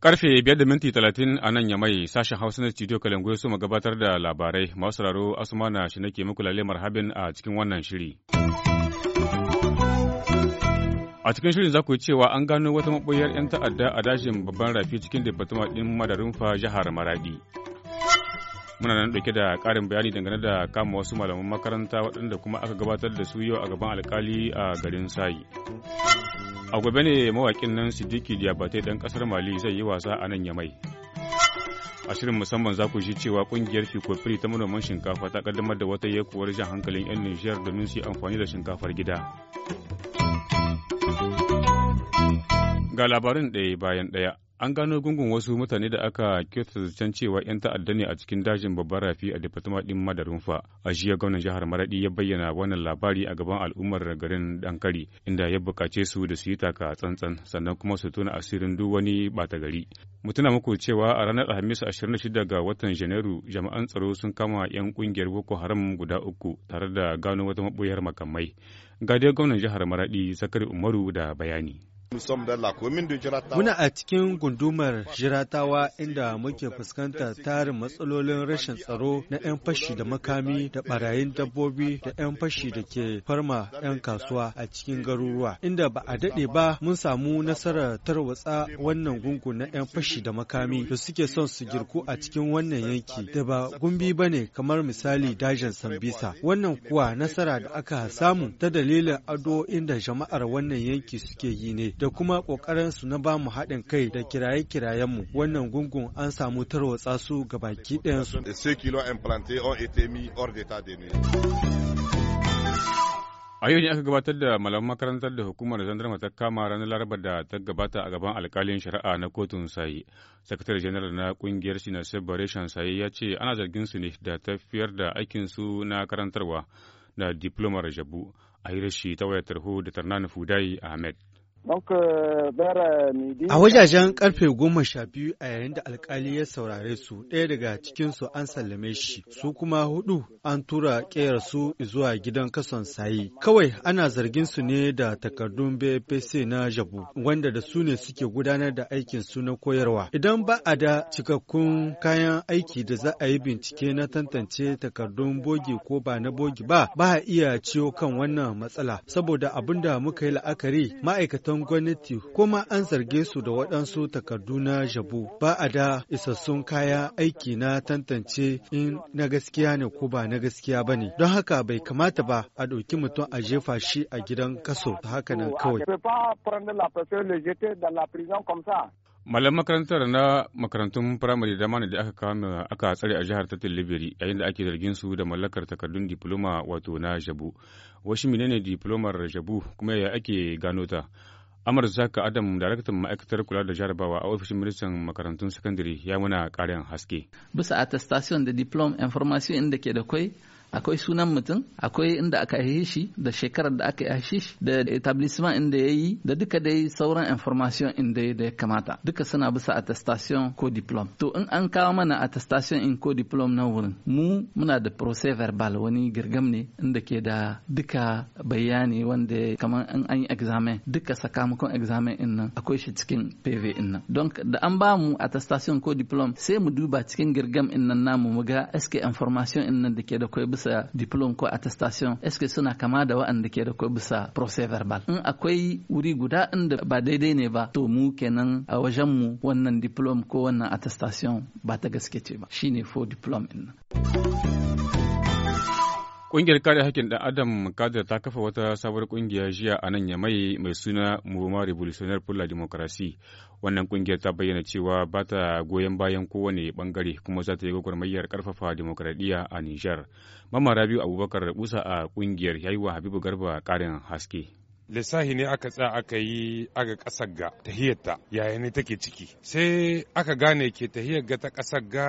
Karfe biyar da minti talatin a nan yamai sashen Hausa na studio Kalangu su gabatar da labarai masu sauraro Asumana shi nake muku lalle marhabin a cikin wannan shiri. a cikin shirin za ku cewa an gano wata maɓoyar 'yan ta'adda a dajin babban rafi cikin departama ɗin madarunfa jihar maradi muna nan dauke da karin bayani dangane da kama wasu malaman makaranta waɗanda kuma aka gabatar da su yau a gaban alkali a garin sayi a gobe ne mawakin nan sidiki diabate dan kasar mali zai yi wasa a nan yamai a shirin musamman za ku ji cewa kungiyar fikofiri ta manoman shinkafa ta kaddamar da wata yakuwar jan hankalin 'yan nijiyar domin su yi amfani da shinkafar gida ga labarin ɗaya bayan ɗaya An gano gungun wasu mutane da aka kyautata cewa 'yan ta'adda ne a cikin dajin babbar rafi a departement din Madarunfa. A jiya gwamnan jihar Maradi ya bayyana wannan labari a gaban al'ummar garin Dankari inda ya bukace su da su yi taka tsantsan sannan kuma su tuna asirin duk wani bata gari. Mu tuna muku cewa a ranar Alhamis 26 ga watan Janairu jami'an tsaro sun kama 'yan kungiyar Boko Haram guda uku tare da gano wata mabuyar makamai. Ga gwamnan jihar Maradi Sakari Umaru da bayani. Muna a cikin gundumar jiratawa inda muke fuskantar tarin matsalolin rashin tsaro na 'yan fashi da makami da barayin dabbobi da 'yan fashi da ke farma 'yan kasuwa a cikin garuruwa. Inda ba a daɗe ba mun samu nasarar tarwatsa wannan gungun na 'yan fashi da makami da suke son su girku a cikin wannan yanki da ba gumbi ba ne kamar misali dajin Sambisa. Wannan kuwa nasara da aka samu ta dalilin ado inda jama'ar wannan yanki suke yi ne. da kuma ƙoƙarinsu na bamu haɗin kai da kiraye-kirayenmu wannan gungun an samu tarwatsa su ga baki ɗayansu. A yau ne aka gabatar da malaman makarantar da hukumar zandarma ta kama ranar Laraba da ta gabata a gaban alkalin shari'a na kotun sayi. Sakatare janar na kungiyar sinar Separation sayi ya ce ana zargin su ne da tafiyar da aikinsu na karantarwa da diplomar jabu a hirashi ta wayar tarho da Tarnani Fudai Ahmed. Euh, euh, a wajajen karfe goma sha biyu a yayin da alkali ya saurare su ɗaya daga cikinsu an sallame shi su kuma hudu an tura kayar su zuwa gidan kason sayi. Kawai ana zargin su ne da takardun BPC na jabu wanda da su ne suke gudanar da aikin su na koyarwa. Idan ba a da cikakkun kayan aiki da za a yi bincike na tantance takardun bogi ko ba na bogi ba ba a iya ciwo kan wannan matsala saboda abin da muka yi la'akari ma'aikatan ma'aikatan gwamnati kuma an zarge su da waɗansu takardu na jabu ba a da isassun kaya aiki na tantance in na gaskiya ne ko ba na gaskiya ba ne don haka bai kamata ba a ɗauki mutum a jefa shi a gidan kaso haka nan kawai. Malam makarantar na makarantun firamare dama ne da aka kama aka tsare a jihar ta Liberi yayin da ake zargin su da mallakar takardun diploma wato na Jabu. Washi menene diplomar Jabu kuma ya ake gano ta? Amar Zaka Adam, daraktan ma'aikatar kula da jarabawa a ofishin ministan makarantun sakandare ya muna ƙarin haske. Bisa attestation da diplom information inda ke da kwai akwai sunan mutum akwai inda aka haihe shi da shekarar da aka haihe shi da etablissement inda ya yi da duka dai sauran information inda ya da ya kamata duka suna bisa attestation ko diplom to in an kawo mana attestation in ko diplom na wurin mu muna da procès verbal wani girgam ne inda ke da duka bayani wanda kamar in an yi examen duka sakamakon examen in nan akwai shi cikin PV in nan don da an ba mu attestation ko diplom sai mu duba cikin girgam in nan namu mu ga SK information in nan da ke da kwai bisa diplom ko attestation est ce que suna kama da wa'anda ke da ko bisa procès verbal in akwai wuri guda inda ba daidai ne ba to mu kenan a wajen mu wannan diplom ko wannan attestation ba ta gaske ce ba shine fo diplom din Ƙungiyar kare haƙƙin ɗan Adam Kadir ta kafa wata sabuwar ƙungiya jiya a nan Yamai mai suna Mouvement Revolutionnaire pour la Wannan ƙungiyar ta bayyana cewa ba ta goyon bayan kowane ɓangare kuma za ta yi gwagwarmayar ƙarfafa demokradiyya a Nijar. Mamara Rabiu Abubakar kusa a ƙungiyar ya yi wa Habibu Garba ƙarin haske. lissahi ne aka tsaya aka yi aga kasar ga tahiyar ta yaya ne take ciki sai aka gane ke tahiyar ga ta kasar ga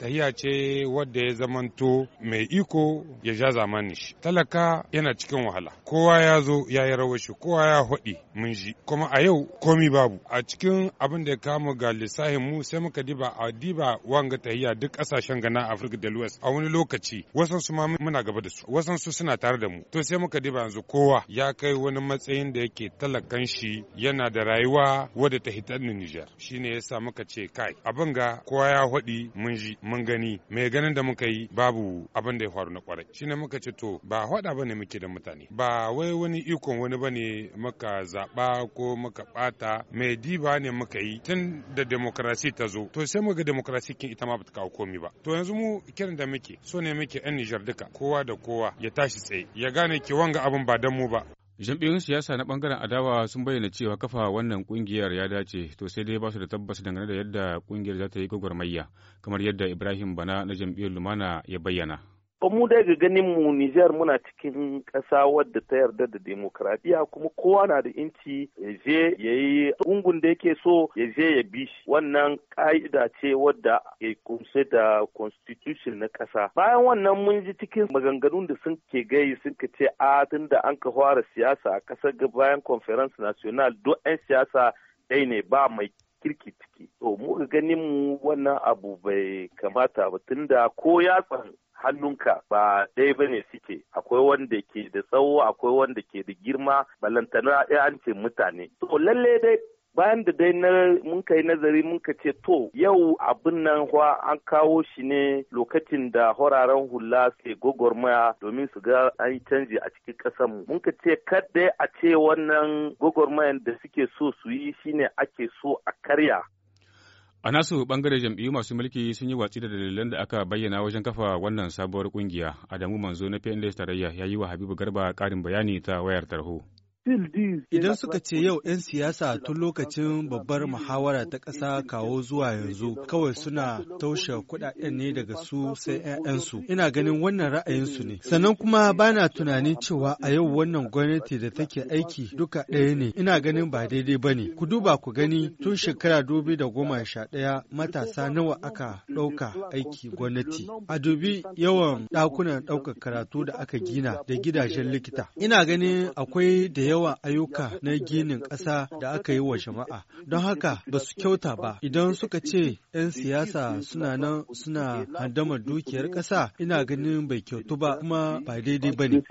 tahiya ce wadda ya zamanto mai iko ya ja zamani shi talaka yana cikin wahala kowa ya zo ya yi rawar shi kowa ya haɗi mun ji kuma a yau komi babu a cikin abin da ya kama ga lissahin mu sai muka diba a diba wanga tahiya duk ƙasashen gana afirka da luwas a wani lokaci wasansu ma muna gaba da su wasansu suna tare da mu to sai muka diba yanzu kowa ya kai wani matsayin da yake talakan shi yana da rayuwa wadda ta hitar ni Nijar shine yasa muka ce kai abin ga kowa ya haɗi mun ji mun gani mai ganin da muka yi babu abin da ya faru na kwarai shine muka ce to ba ba ne muke da mutane ba wai wani ikon wani bane muka zaba ko muka bata mai diba ne muka yi tun da demokrasi ta zo to sai muga demokrasi kin ita ma ta kawo komi ba to yanzu mu kiran da muke so ne muke yan Nijar duka kowa da kowa ya tashi tsaye ya gane ki wanga abin ba dan mu ba Jam'iyyun siyasa na bangaren adawa sun bayyana cewa kafa wannan kungiyar ya dace to sai dai ba su da tabbas dangane da yadda kungiyar za ta yi gwagwarmayya kamar yadda Ibrahim Bana na jam'iyyar Lumana ya bayyana. ba mu dai ga ganin mu Nijar muna cikin ƙasa wadda ta yarda da demokradiya kuma kowa na da inci ya je ya yi gungun da yake so ya je ya bi shi wannan ƙa'ida ce wadda ya kunshe da constitution na ƙasa bayan wannan mun ji cikin maganganun da sun ke gayi sun ka ce a tun da an ka fara siyasa a ƙasar bayan conference national duk 'yan siyasa ɗai ne ba mai kirki ciki. To mu ga ganin mu wannan abu bai kamata ba tunda ko yatsan hannunka ba ɗaya bane suke akwai wanda ke da tsawo akwai wanda ke da girma balantana ya an mutane. To lalle dai bayan da dai na mun kai nazari mun ka ce to yau abin nan hwa an kawo shi ne lokacin da horaren hula ke gwagwarmaya domin su ga an yi canji a cikin ƙasarmu mun ka ce kadai a ce wannan gogormayan da suke so su yi shine ake so a karya A nasu bangare jam'iyyu masu mulki sun yi watsi da dalilan da aka bayyana wajen kafa wannan sabuwar kungiya. Adamu Manzo na PNDS tarayya ya yi wa Habibu Garba karin bayani ta wayar tarho. Idan suka ce yau 'yan siyasa tun lokacin babbar muhawara ta ƙasa kawo zuwa yanzu kawai suna taushe kuɗaɗen ne daga su sai 'ya'yansu. Ina ganin wannan ra'ayinsu ne. Sannan kuma bana tunanin cewa a yau wannan gwamnati da take aiki duka ɗaya ne. Ina ganin ba daidai ba ne. Ku duba ku gani tun shekara dubi da goma sha ɗaya matasa nawa aka ɗauka aiki gwamnati. A dubi yawan ɗakunan ɗaukar karatu da aka gina da gidajen likita. Ina ganin akwai da yawan ayyuka na ginin ƙasa da aka yi wa jama'a. Don haka ba su kyauta ba. Idan suka ce 'yan siyasa suna nan suna hadamar dukiyar ƙasa ina ganin bai kyautu ba kuma ba daidai ba ne.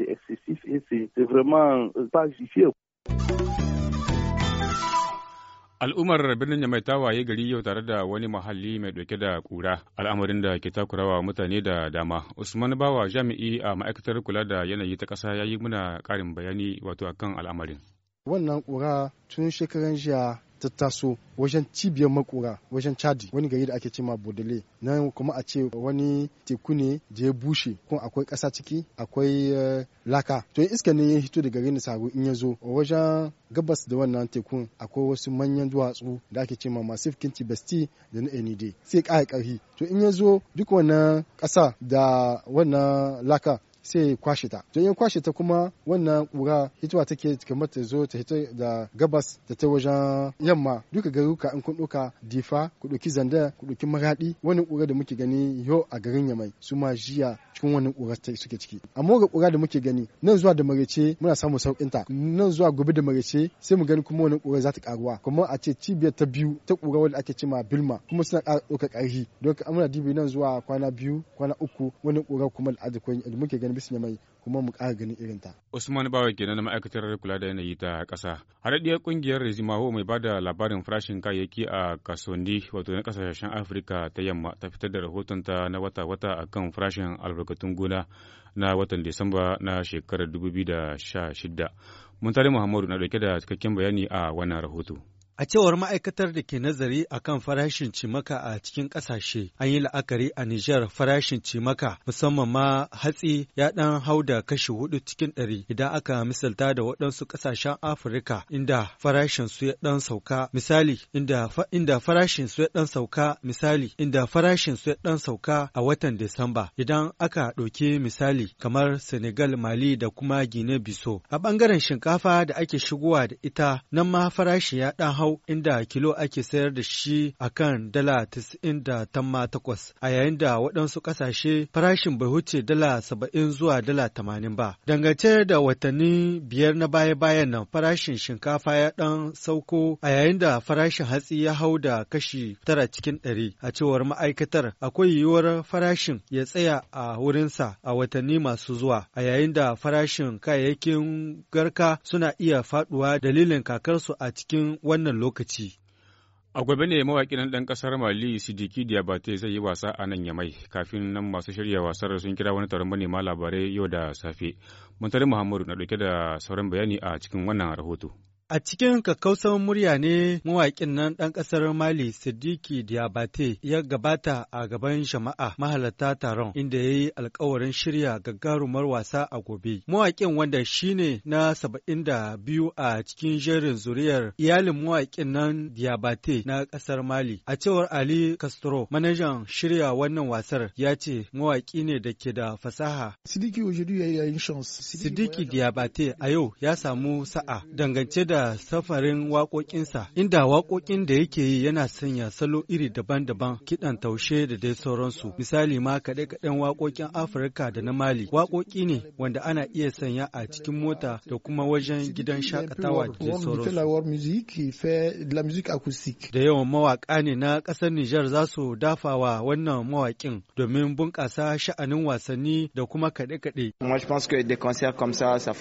Al'ummar birnin Yamaita ta waye gari yau tare da wani muhalli mai ɗauke da ƙura, al'amarin da ke takurawa mutane da dama. Usman Bawa jami'i a ma'aikatar kula da yanayi ta ƙasa ya yi muna ƙarin bayani wato akan al'amarin. Wannan ƙura tun shekaran jiya ta taso wajen cibiyar makura wajen chadi wani gari da ake ce ma bodele nan kuma a ce wani teku ne da ya bushe kuma akwai ƙasa ciki akwai eh, laka to iska ne ya hito da gari na in ya zo wajen gabas da wannan tekun akwai wasu manyan duwatsu da ake ce ma masif kinti besti da na enide sai ƙara ƙarfi to in ya zo duk wannan ƙasa da wannan laka sai ya kwashe ta don ya kwashe ta kuma wannan kura hitowa take kamar ta zo ta hito da gabas da ta wajen yamma duka garuka in kun ɗauka difa ku ɗauki zanda ku ɗauki maradi wannan kura da muke gani yau a garin yamai su ma jiya cikin wannan ƙura suke ciki amma ga kura da muke gani nan zuwa da marece muna samu sauƙin ta nan zuwa gobe da marece sai mu gani kuma wannan ƙura za ta karuwa kuma a ce cibiyar ta biyu ta ƙura wanda ake cema bilma kuma suna ƙara ɗaukar ƙarfi don muna dibi nan zuwa kwana biyu kwana uku wannan ƙura kuma da muke gani bisa mai kuma mu ƙara ganin irinta. Usman Bawa kenan na ma'aikatar kula da yanayi ta ƙasa. Haɗaɗɗiyar ƙungiyar Rezimaho mai ba da labarin farashin kayayyaki a kasuwanni wato na ƙasashen Afirka ta yamma ta fitar da rahotonta na wata-wata a kan farashin albarkatun gona na watan Disamba na shekarar 2016. Muntari Muhammadu na ɗauke da cikakken bayani a wannan rahoto. A cewar ma'aikatar da ke nazari a kan farashin cimaka a cikin ƙasashe, an yi la'akari a Nijar farashin cimaka musamman ma hatsi ya ɗan hau da kashi hudu cikin ɗari idan aka misalta da waɗansu ƙasashen Afirka inda farashin su ya ɗan sauka misali inda farashin su ya ɗan sauka misali inda farashin su ya ɗan sauka a watan Disamba idan aka ɗauki misali kamar Senegal, Mali da kuma Guinea-Bissau. A ɓangaren shinkafa da ake shigowa da ita nan ma farashin ya ɗan hau inda kilo ake sayar da shi a kan dala tis'in da tamma takwas a yayin da waɗansu ƙasashe farashin bai huce dala saba'in zuwa dala tamanin ba. Dangance da watanni biyar na baya-bayan nan farashin shinkafa ya ɗan sauko a yayin da farashin hatsi ya hau da kashi tara cikin ɗari a cewar ma'aikatar akwai yiwuwar farashin ya tsaya a wurinsa a watanni masu zuwa a yayin da farashin kayayyakin garka suna iya faɗuwa dalilin kakarsu a cikin wannan lokaci. A gobe ne mawaƙin ɗan ƙasar Mali Sidiki Diabate zai yi wasa a nan Yamai kafin nan masu shirya wasar sun kira wani taron manema labarai yau da safe. Muntari Muhammadu na ɗauke da sauran bayani a cikin wannan rahoto. A cikin kakkausan murya ne mawaƙin nan ɗan ƙasar Mali Siddiqui Diabate ya gabata a gaban jama'a mahalarta taron inda ya yi alkawarin shirya gagarumar wasa a gobe. Mawaƙin wanda shi ne na saba'in da biyu a cikin jerin zuriyar iyalin mawaƙin nan Diabate na ƙasar Mali. A cewar Ali Castro, manajan shirya wannan wasar ya ce mawaƙi ne da ke da fasaha. Siddiqui Diabate a yau ya samu sa'a dangance da safarin waƙoƙinsa, inda waƙoƙin da yake yi yana sanya salo iri daban-daban kiɗan taushe da dai sauransu. Misali ma kaɗe-kaɗen waƙoƙin Afirka da na Mali. Waƙoƙi ne wanda ana iya sanya a cikin mota da kuma wajen gidan shakatawa da dai sauransu. Da yawan mawaƙa ne na ƙasar Nijar za su dafawa wannan mawaƙin domin bunƙasa sha'anin wasanni da kuma kaɗe-kaɗe.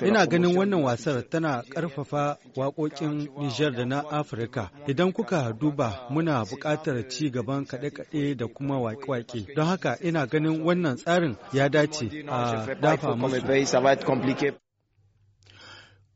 Ina ganin wannan wasar tana ƙarfafa waƙoƙin Nijar da na Afirka. Idan kuka duba muna buƙatar ci gaban kaɗe-kaɗe da kuma waƙe-waƙe. Don haka ina ganin wannan tsarin ya dace a dafa musu.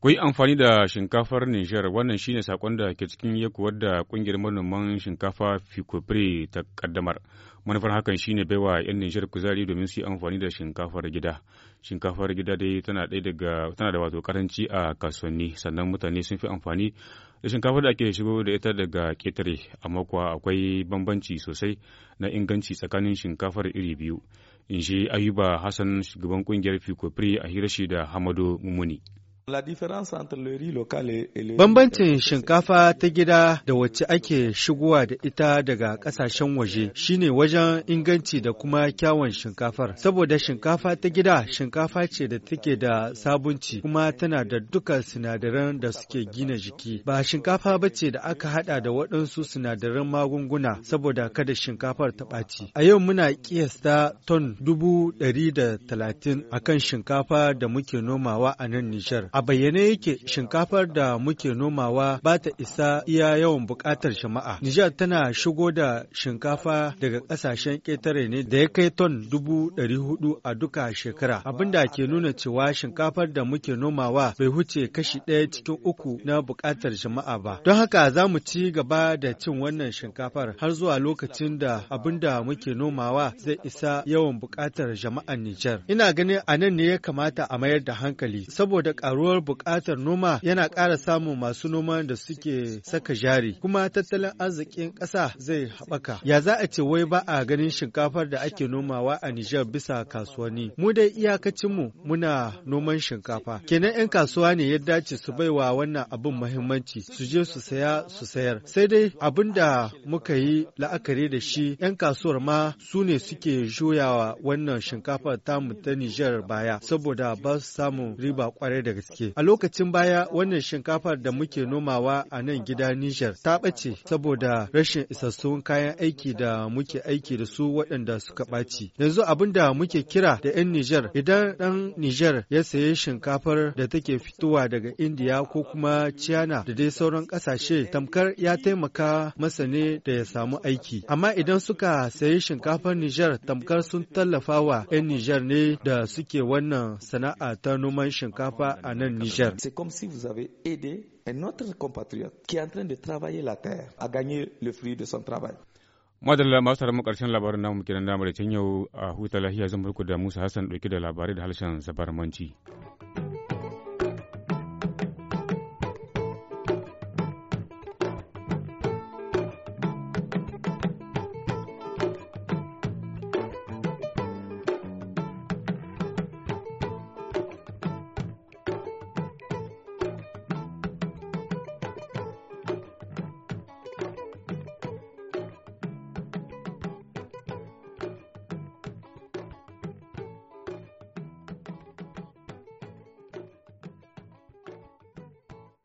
Ku yi amfani da shinkafar Nijar wannan shine sakon da ke cikin yakuwar da ƙungiyar manoman shinkafa Fikopre ta kaddamar. Manufar hakan shine baiwa 'yan Nijar kuzari domin su yi amfani da shinkafar gida. Shinkafar gida dai tana ɗaya daga tana da wato karanci a kasuwanni sannan mutane sun fi amfani da shinkafar da ake shigo da ita daga ƙetare amma kuwa akwai bambanci sosai na inganci tsakanin shinkafar iri biyu. In shi Ayuba Hassan shugaban kungiyar Fikopre a hirashi da hamadu Mumuni. Bambancin shinkafa ta gida da wacce ake shigowa da ita daga ƙasashen waje shine wajen inganci da kuma kyawun shinkafar. Saboda shinkafa ta gida shinkafa ce da take da sabunci kuma tana da duka sinadaran da suke gina jiki. Ba shinkafa ba ce da aka hada da waɗansu sinadaran magunguna saboda kada shinkafar ta ɓaci. A yau muna ƙiyasta ton dubu ɗari da talatin akan shinkafa da muke nomawa a nan Nijar. A bayyane yake shinkafar da muke nomawa ba ta isa iya yawan buƙatar jama'a. Nijar tana shigo da shinkafa daga ƙasashen ƙetare ne da ya kai ton dubu ɗari hudu a duka shekara. Abin da ke nuna cewa shinkafar da muke nomawa bai huce kashi ɗaya cikin uku na buƙatar jama'a ba. Don haka za mu ci gaba da cin wannan shinkafar har zuwa lokacin da abin da muke nomawa zai isa yawan buƙatar jama'ar Nijar. Ina ganin a nan ne ya kamata a mayar da hankali saboda ƙaruwar karuwar buƙatar noma yana ƙara samun masu noma da suke saka jari kuma tattalin arzikin ƙasa zai haɓaka. Ya za a ce wai ba a ganin shinkafar da ake nomawa a Nijar bisa kasuwanni. Mu dai iyakacin mu muna noman shinkafa. Kenan 'yan kasuwa ne ya dace su bai wa wannan abin mahimmanci su je su saya su sayar. Sai dai abin da muka yi la'akari da shi 'yan kasuwar ma su ne suke juyawa wannan shinkafar tamu ta Nijar baya saboda ba su samun riba kwarai da gaske. A lokacin baya wannan shinkafar da muke nomawa a nan gida Nijar ta ɓace saboda rashin isassun kayan aiki da muke aiki da su waɗanda suka ɓaci. Yanzu abin da muke kira da 'yan Nijar idan ɗan Nijar ya sayi shinkafar da take fitowa daga Indiya ko kuma China da dai sauran ƙasashe tamkar ya taimaka masa ne da ya samu aiki. Amma idan suka sayi shinkafar Nijar tamkar sun tallafa wa 'yan Nijar ne da suke wannan sana'a ta noman shinkafa a nan C'est comme si vous avez aidé un autre compatriote qui est en train de travailler la terre à gagner le fruit de son travail.